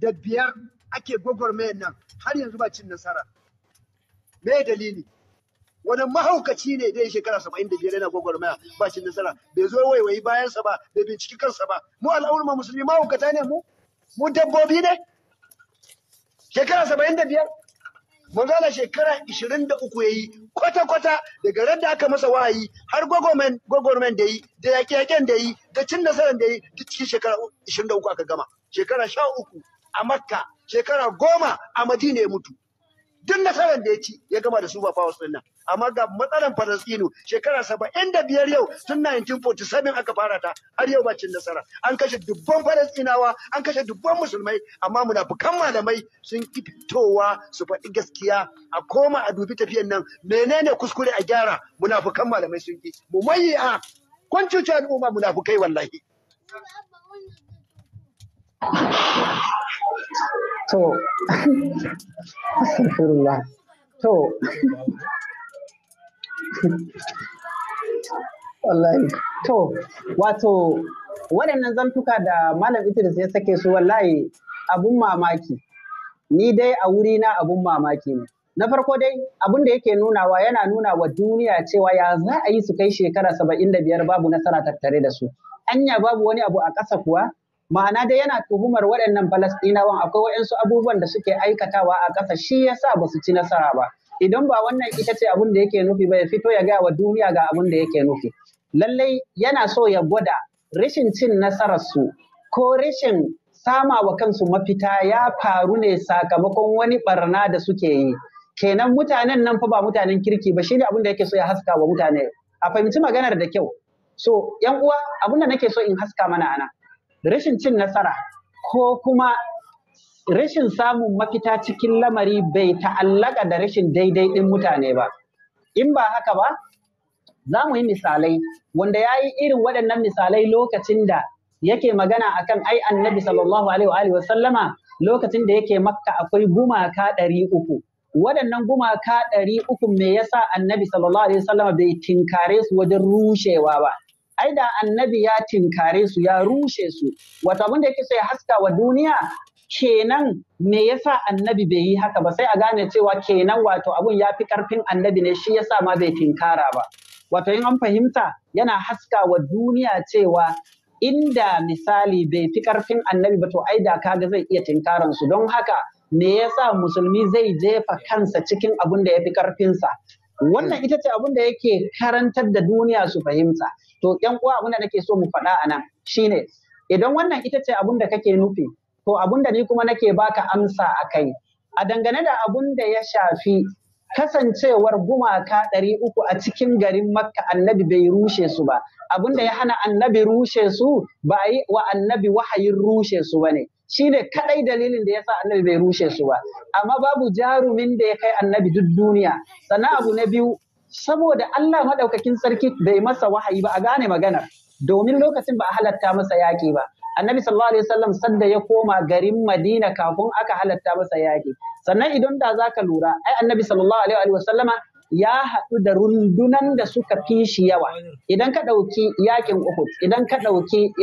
da biyar ake gwagwarmayar nan har yanzu ba cin nasara. Me dalili? Wani mahaukaci ne dai shekara saba'in da biyar yana gwagwarmaya ba cin nasara bai zo waiwayi bayansa ba bai binciki kansa ba mu al'aurma musulmi mahaukata ne mu mu dabbobi ne shekara saba'in da biyar manzala shekara ishirin da uku ya yi kwata-kwata daga ran da aka masa wahayi har gwagwarmen da yi da yaƙe-yaƙen da yi da cin nasarar da yi duk cikin shekara ishirin da uku aka gama shekara sha uku a makka shekara goma a madina ya mutu duk nasarar da ya ci ya gama da su ba bawa din nan amma ga matsalar falastinu shekara saba'in da biyar yau tun 1947 aka fara ta har yau ba cin nasara an kashe dubban falastinawa an kashe dubban musulmai amma munafukan malamai sun ki fitowa su faɗi gaskiya a koma a dubi tafiyan nan menene kuskure a gyara munafukan malamai sun ki mu a kun cuci al'umma munafukai wallahi to astaghfirullah wallahi to wato waɗannan zantuka da malam Idris ya sake su wallahi abun mamaki ni dai a wuri na abun mamaki ne na farko dai abun da yake nunawa yana nuna wa duniya cewa ya za a yi su kai shekara saba'in da biyar babu nasara tattare da su anya babu wani abu a ƙasa kuwa ma'ana dai yana tuhumar waɗannan Falastinawan akwai waɗansu abubuwan da suke aikatawa a ƙasa shi yasa ba su ci nasara ba idan ba wannan ita ce abin da yake nufi ba ya fito ya gaya wa duniya ga abin da yake nufi lallai yana so ya gwada rashin cin nasarar su ko rashin sama wa kansu mafita ya faru ne sakamakon wani barna da suke yi kenan mutanen nan fa ba mutanen kirki ba shine abin da yake so ya haska wa mutane a fahimci maganar da kyau so yan uwa abin da nake so in haska mana anan rashin cin nasara ko kuma rashin samun mafita cikin lamari bai ta'allaka da rashin daidai ɗin mutane ba. In ba haka ba, za mu yi misalai, wanda ya yi irin waɗannan misalai lokacin da yake magana a kan ai annabi sallallahu alaihi wa lokacin da yake makka akwai gumaka ɗari uku. Waɗannan gumaka ɗari uku me yasa annabi sallallahu alaihi wa bai tinkare su wajen rushewa ba. ai da annabi ya tinkare su ya rushe su wata abin da yake so haska wa duniya kenan me yasa annabi bai yi haka ba sai a gane cewa kenan wato abun ya fi karfin annabi ne shi yasa ma bai tinkara ba wato in an fahimta yana haska wa duniya cewa inda misali bai fi karfin annabi ba to ai da kaga zai iya tinkaran su don haka me yasa musulmi zai jefa kansa cikin abun da ya fi karfinsa wannan ita ce abin da yake karantar da duniya su fahimta to yan uwa abin da nake so mu faɗa a nan shine idan wannan ita ce abin da kake nufi to abin da ni kuma nake baka amsa a kai a dangane da abin da ya shafi kasancewar gumaka ɗari uku a cikin garin makka annabi bai rushe su ba abin da ya hana annabi rushe su ba a yi wa annabi wahayin rushe su ba ne shine kadai dalilin da yasa annabi bai rushe su ba amma babu jarumin da ya kai annabi duk duniya sannan abu na biyu saboda Allah madaukakin sarki bai masa wahayi ba a gane maganar domin lokacin ba a halatta masa yaƙi ba annabi sallallahu alaihi wasallam sanda ya koma garin Madina kafin aka halatta masa yaƙi sannan idan da zaka lura ai annabi sallallahu alaihi wasallama ya haɗu da rundunan da suka fi shi yawa idan ka ɗauki yakin Uhud idan ka ɗauki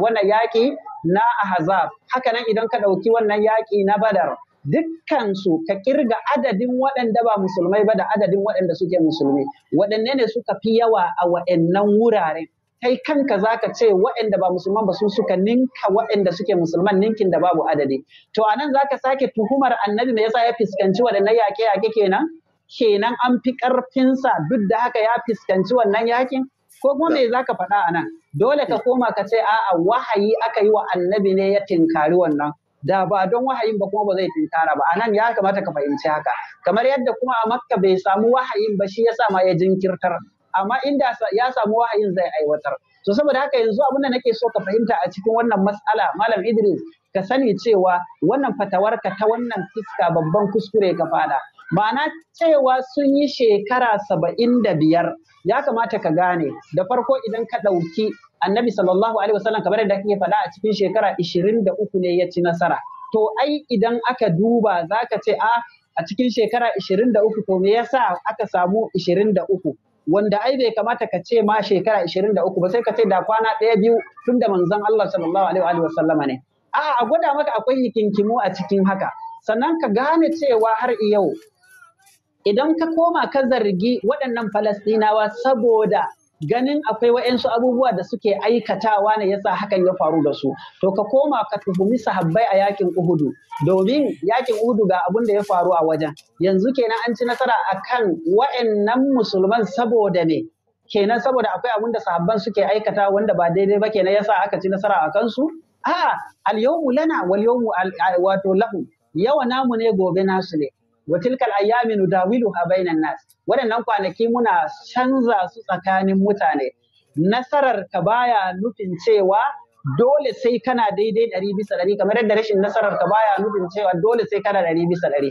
wannan yaƙi na Ahzab hakanan idan ka ɗauki wannan yaƙi na Badar dukkansu ka kirga adadin waɗanda ba musulmai ba da adadin waɗanda suke musulmi waɗanne ne suka fi yawa a waɗannan wurare kai kanka zaka ce waɗanda ba musulman ba su suka ninka waɗanda suke musulman ninkin da babu adadi to anan zaka sake tuhumar annabi me yasa ya fuskanci waɗannan yaƙe-yaƙe kenan kenan an fi ƙarfinsa duk da haka ya fuskanci wannan yakin? Ko kuma me za ka faɗa a nan? Dole ka koma ka ce a'a wahayi aka yi wa annabi ne ya tinkari wannan. Da ba don wahayin ba kuma ba zai tinkara ba. A nan ya kamata ka fahimci haka. Kamar yadda kuma a Makka bai samu wahayin ba shi ya sa ma ya jinkirtar. Amma inda ya samu wahayin zai aiwatar. To saboda haka yanzu abin da nake so ka fahimta a cikin wannan matsala Malam Idris ka sani cewa wannan fatawarka ta wannan fiska babban kuskure ka fada. ma'ana cewa sun yi shekara saba'in da biyar ya kamata ka gane da farko idan ka ɗauki annabi sallallahu alaihi wasallam kamar yadda kake faɗa a cikin shekara ishirin da uku ne ya ci nasara to ai idan aka duba za ka ce a ah, a cikin shekara ishirin da uku to me yasa aka samu ishirin da uku wanda ai bai kamata ka ce ma shekara ishirin da uku ba sai ka ce da kwana ɗaya biyu tun da manzon Allah sallallahu alaihi wasallama ne a'a a gwada maka akwai hikinkimu a cikin haka sannan ka gane cewa har yau idan ka koma ka zargi waɗannan falastinawa saboda ganin akwai waɗansu abubuwa da suke aikatawa ne yasa hakan ya faru da su to ka koma ka tuhumi sahabbai a yakin uhudu domin yakin uhudu ga abun da ya faru a wajen yanzu kenan an ci nasara akan wa'annan musulman saboda ne kenan saboda akwai abun da sahabban suke aikata wanda ba daidai ba kenan yasa aka ci nasara a kansu a'a al yawmu lana wal yawmu wato lahu yawa namu ne gobe nasu ne wa tilkal ayyamin nudawiluha bainan nas waɗannan kwanaki muna canza su tsakanin mutane nasarar ka baya nufin cewa dole sai kana daidai ɗari bisa ɗari kamar yadda rashin nasarar ka baya nufin cewa dole sai kana ɗari bisa ɗari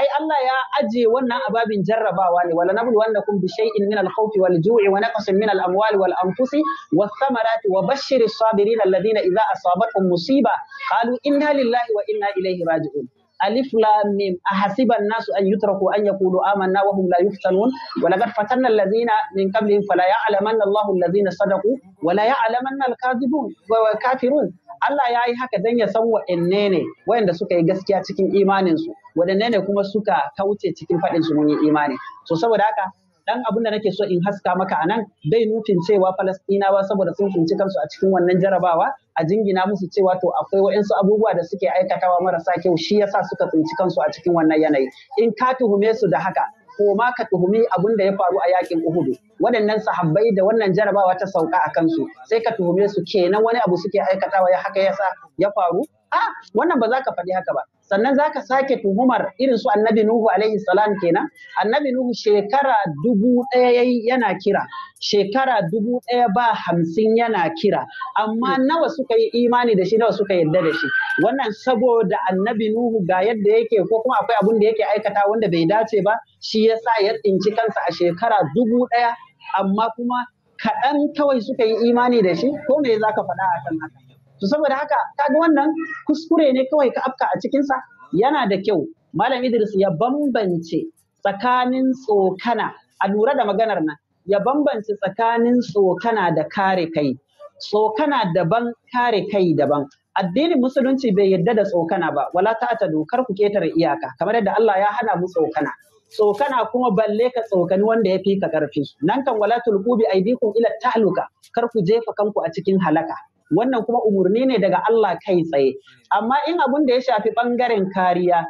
ai Allah ya aje wannan ababin jarrabawa ne wala wanda kun bi shay'in min al-khawfi wal ju'i wa naqsin min al-amwali wal anfusi was thamarati wa bashshir as-sabirin alladhina idza asabatuhum musiba qalu inna lillahi wa inna ilayhi raji'un alif lam mim ahasiba an-nasu an yutraku an yaqulu amanna wa hum la yuftanun wa laqad fatanna alladhina min qablihim fala ya'lamanna Allahu alladhina sadaqu wa la ya'lamanna al-kadhibun wa kafirun Allah ya yi haka dan ya san wa'anne ne wa'anda suka yi gaskiya cikin imaninsu waɗanne ne kuma suka kauce cikin faɗin su mun yi imani so saboda haka dan abin da nake so in haska maka a nan dai nufin cewa falastinawa saboda sun tsinci kansu a cikin wannan jarabawa a jingina musu cewa to akwai waɗansu abubuwa da suke aikatawa marasa kyau shi yasa suka tsinci kansu a cikin wannan yanayi in ka tuhume su da haka ko ma ka tuhumi abin da ya faru a yakin Uhudu waɗannan sahabbai da wannan jarabawa ta sauka a kansu sai ka tuhume su kenan wani abu suke aikatawa ya haka yasa ya faru ah wannan ba za ka faɗi haka ba sannan za ka sake tuhumar irin su annabi nuhu alaihi salam kenan annabi nuhu shekara dubu ɗaya yana kira shekara dubu ɗaya ba hamsin yana kira amma hmm. nawa suka yi imani da shi nawa suka yarda da shi wannan saboda annabi nuhu ga yadda yake ko kuma akwai abun da yake aikata wanda bai dace ba shi yasa ya tsinci kansa a shekara dubu ɗaya amma kuma kaɗan kawai suka yi imani da shi ko me za ka faɗa a kan haka to saboda haka kaga wannan kuskure ne kawai ka afka a cikinsa yana da kyau malam idris ya bambance tsakanin tsokana a lura da maganar nan ya bambance tsakanin tsokana da kare kai tsokana daban kare kai daban addinin musulunci bai yarda da tsokana ba wala ta'ata dokar ku ketare iyaka kamar yadda Allah ya hana mu tsokana tsokana kuma balle ka tsokani wanda ya fi ka karfi nan kan wala tulqu bi aidikum ila ta'luka kar ku jefa kanku a cikin halaka wannan kuma umurni ne daga Allah kai tsaye amma in abun da ya shafi bangaren kariya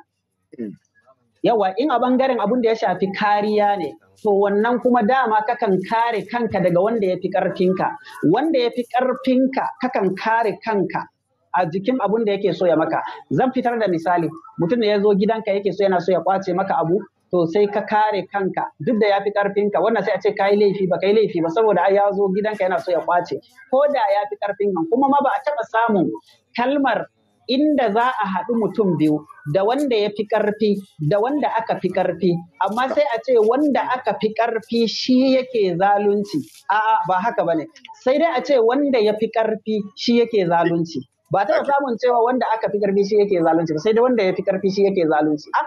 yawa in a bangaren abun da ya shafi kariya ne to wannan kuma dama kakan kare kanka daga wanda ya fi ƙarfinka wanda ya fi ƙarfinka kakan kare kanka a jikin abun da yake so ya maka zan fitar da misali mutum da ya zo gidanka yake so yana so ya kwace maka abu to sai ka kare kanka duk da ya fi ƙarfinka wannan sai a ce kai laifi ba kai laifi ba saboda ai ya zo gidanka yana so ya kwace ko da ya fi kuma ma ba a taɓa samun kalmar inda za a haɗu mutum biyu da wanda ya fi ƙarfi da wanda aka fi ƙarfi amma sai a ce wanda aka fi ƙarfi shi yake zalunci a'a ba haka bane sai dai a ce wanda ya fi ƙarfi shi yake zalunci ba ta samun cewa wanda aka fi karfi shi yake zalunci ba sai dai wanda ya fi karfi shi yake zalunci a ah,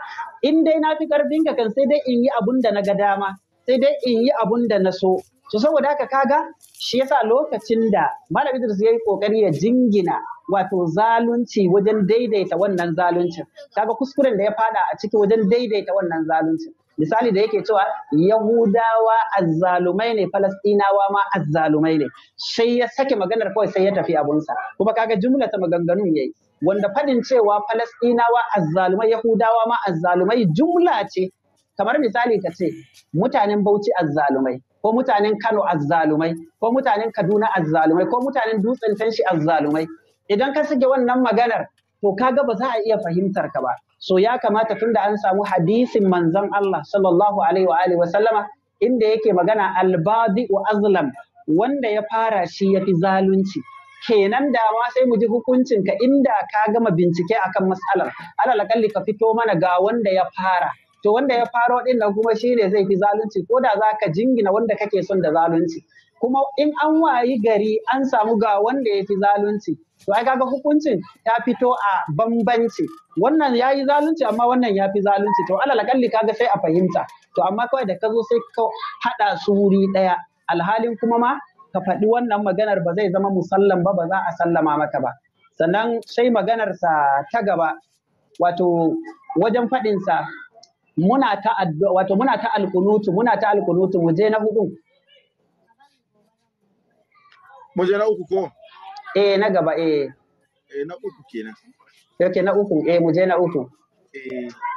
in dai na fi karfin ka kan sai dai in yi abun da na ga dama sai dai in yi abun da na so to saboda haka kaga shi yasa lokacin da malam Idris yi kokari ya jingina wato zalunci wajen daidaita wannan zaluncin kaga kuskuren da ya fada a ciki wajen daidaita wannan zaluncin misali da yake cewa yahudawa azzalumai ne falastinawa ma azzalumai ne sai ya sake maganar kawai sai ya tafi abunsa kuma kaga jumla ta maganganun yayi wanda fadin cewa falastinawa azzalumai yahudawa ma azzalumai jumla ce kamar misali ka ce mutanen bauchi azzalumai ko mutanen kano azzalumai ko mutanen kaduna azzalumai ko mutanen dutsen tanshi azzalumai idan ka sake wannan maganar to kaga ba za a iya fahimtar ka ba so ya kamata tunda an samu hadisin manzon Allah sallallahu alaihi wa alihi wa sallama inda yake magana albadi wa azlam wanda ya fara shi ya fi zalunci kenan dama sai mu ji hukuncin ka inda ka gama bincike akan matsalar alal akalli ka fito mana ga wanda ya fara to wanda ya faro din nan kuma shine zai fi zalunci ko da zaka jingina wanda kake son da zalunci kuma in an wayi gari an samu ga wanda ya fi zalunci to ai kaga hukuncin ta fito a bambanci wannan ya yi zalunci amma wannan ya fi zalunci to alal kalli kaga sai a fahimta to amma kawai da ka zo sai ka hada su wuri daya alhalin kuma ma ka faɗi wannan maganar ba zai zama musallam ba ba za a sallama maka ba sannan sai maganarsa ta gaba wato wajen faɗinsa muna ta wato muna ta alkunutu muna ta alkunutu mu na hudu mu je na uku ko eh na gaba eh eh na uku kenan yake na uku eh mu je na uku eh